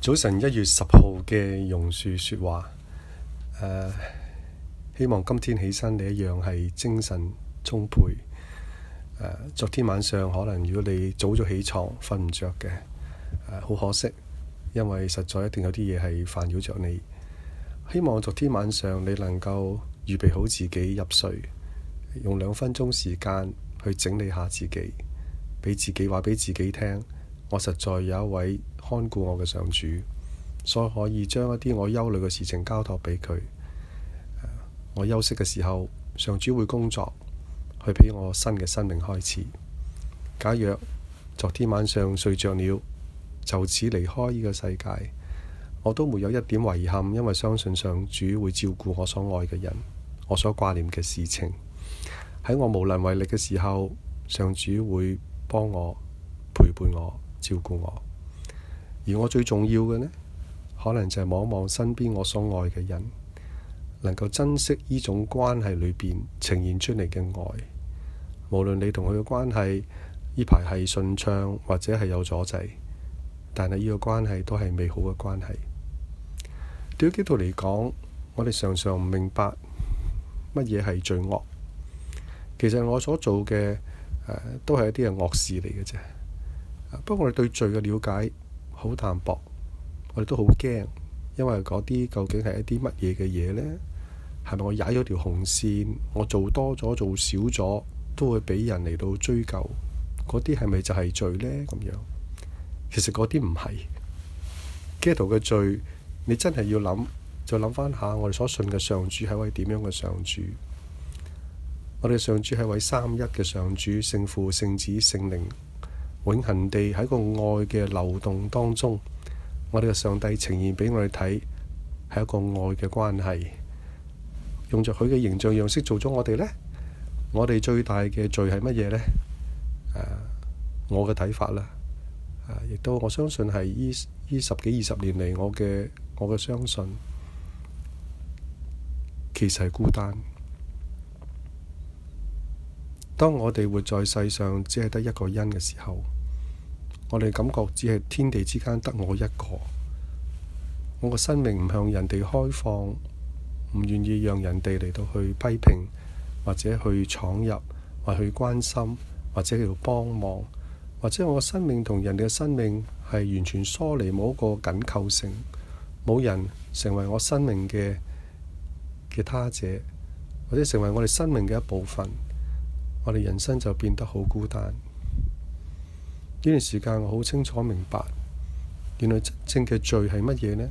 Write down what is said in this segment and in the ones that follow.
早晨，一月十號嘅榕樹說話，啊，希望今天起身你一樣係精神充沛。啊，昨天晚上可能如果你早就起床瞓唔着，嘅，啊、好可惜，因為實在一定有啲嘢係煩擾着你。希望昨天晚上你能夠預備好自己入睡，用兩分鐘時間去整理下自己，俾自己話俾自己聽。我實在有一位看顧我嘅上主，所以可以將一啲我憂慮嘅事情交託俾佢。我休息嘅時候，上主會工作，去俾我新嘅生命開始。假若昨天晚上睡着了，就此離開呢個世界，我都沒有一點遺憾，因為相信上主會照顧我所愛嘅人，我所掛念嘅事情。喺我無能為力嘅時候，上主會幫我，陪伴我。照顧我，而我最重要嘅，呢，可能就係望一望身邊我所愛嘅人，能夠珍惜呢種關係裏邊呈現出嚟嘅愛。無論你同佢嘅關係呢排係順暢或者係有阻滯，但係呢個關係都係美好嘅關係。對於基督徒嚟講，我哋常常唔明白乜嘢係罪惡。其實我所做嘅，呃、都係一啲嘅惡事嚟嘅啫。不過我哋對罪嘅了解好淡薄，我哋都好驚，因為嗰啲究竟係一啲乜嘢嘅嘢呢？係咪我踩咗條紅線？我做多咗做少咗都會俾人嚟到追究？嗰啲係咪就係罪呢？咁樣？其實嗰啲唔係基督嘅罪，你真係要諗，就諗翻下我哋所信嘅上主係位點樣嘅上主？我哋上主係位三一嘅上主，聖父、聖子、聖靈。永恆地喺個愛嘅流動當中，我哋嘅上帝呈現俾我哋睇，係一個愛嘅關係。用着佢嘅形象樣式做咗我哋呢。我哋最大嘅罪係乜嘢呢？啊、我嘅睇法啦，啊、亦都我相信係依依十幾二十年嚟，我嘅我嘅相信，其實係孤單。當我哋活在世上，只係得一個人嘅時候，我哋感覺只係天地之間得我一個。我嘅生命唔向人哋開放，唔願意讓人哋嚟到去批評，或者去闖入，或去關心，或者喺度幫忙，或者我嘅生命同人哋嘅生命係完全疏離，冇一個緊扣性，冇人成為我生命嘅其他者，或者成為我哋生命嘅一部分。我哋人生就變得好孤單呢段時間，我好清楚明白，原來真正嘅罪係乜嘢呢？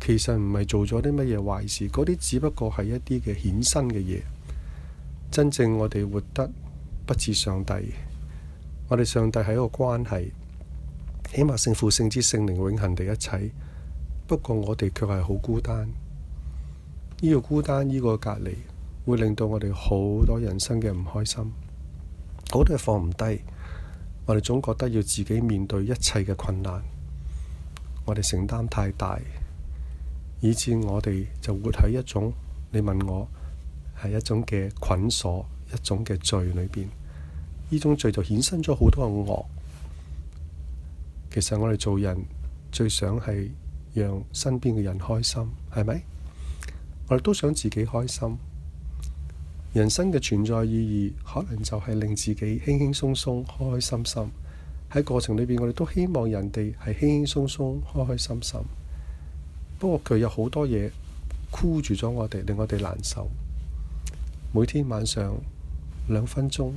其實唔係做咗啲乜嘢壞事，嗰啲只不過係一啲嘅衍生嘅嘢。真正我哋活得不似上帝，我哋上帝係一個關係，起碼聖父、聖子、聖靈永恒地一齊。不過我哋卻係好孤單，呢個孤單，呢個隔離，會令到我哋好多人生嘅唔開心。好多嘢放唔低，我哋總覺得要自己面對一切嘅困難，我哋承擔太大，以致我哋就活喺一種，你問我係一種嘅捆鎖，一種嘅罪裏邊。呢種罪就衍生咗好多嘅惡。其實我哋做人最想係讓身邊嘅人開心，係咪？我哋都想自己開心。人生嘅存在意義可能就係令自己輕輕鬆鬆、開開心心。喺過程裏邊，我哋都希望人哋係輕輕鬆鬆、開開心心。不過佢有好多嘢箍住咗我哋，令我哋難受。每天晚上兩分鐘，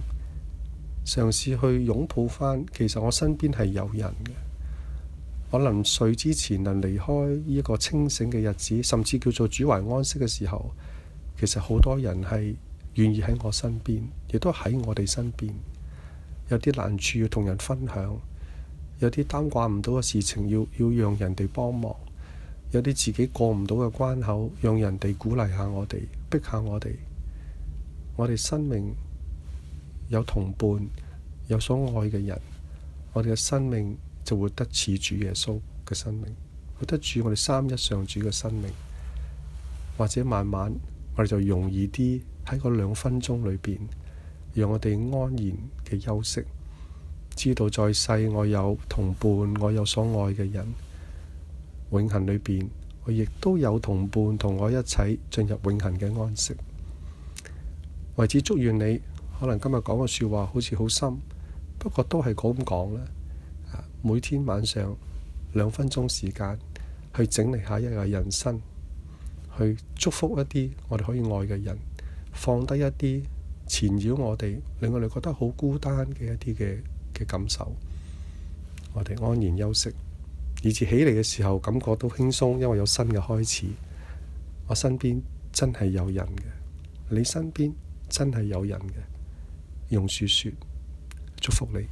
嘗試去擁抱翻。其實我身邊係有人嘅。可能睡之前，能離開呢一個清醒嘅日子，甚至叫做主懷安息嘅時候，其實好多人係願意喺我身邊，亦都喺我哋身邊。有啲難處要同人分享，有啲擔掛唔到嘅事情要要讓人哋幫忙，有啲自己過唔到嘅關口，讓人哋鼓勵下我哋，逼下我哋。我哋生命有同伴，有所愛嘅人，我哋嘅生命就活得似主耶穌嘅生命，活得住我哋三一上主嘅生命，或者慢慢我哋就容易啲。喺嗰兩分鐘裏邊，讓我哋安然嘅休息，知道在世我有同伴，我有所愛嘅人。永恒裏邊，我亦都有同伴同我一齊進入永恒嘅安息。為此，祝願你，可能今日講嘅說話好似好深，不過都係咁講啦。每天晚上兩分鐘時間去整理一下一個人生，去祝福一啲我哋可以愛嘅人，放低一啲纏繞我哋令我哋覺得好孤單嘅一啲嘅嘅感受，我哋安然休息，以至起嚟嘅時候感覺都輕鬆，因為有新嘅開始。我身邊真係有人嘅，你身邊真係有人嘅。用樹説：祝福你。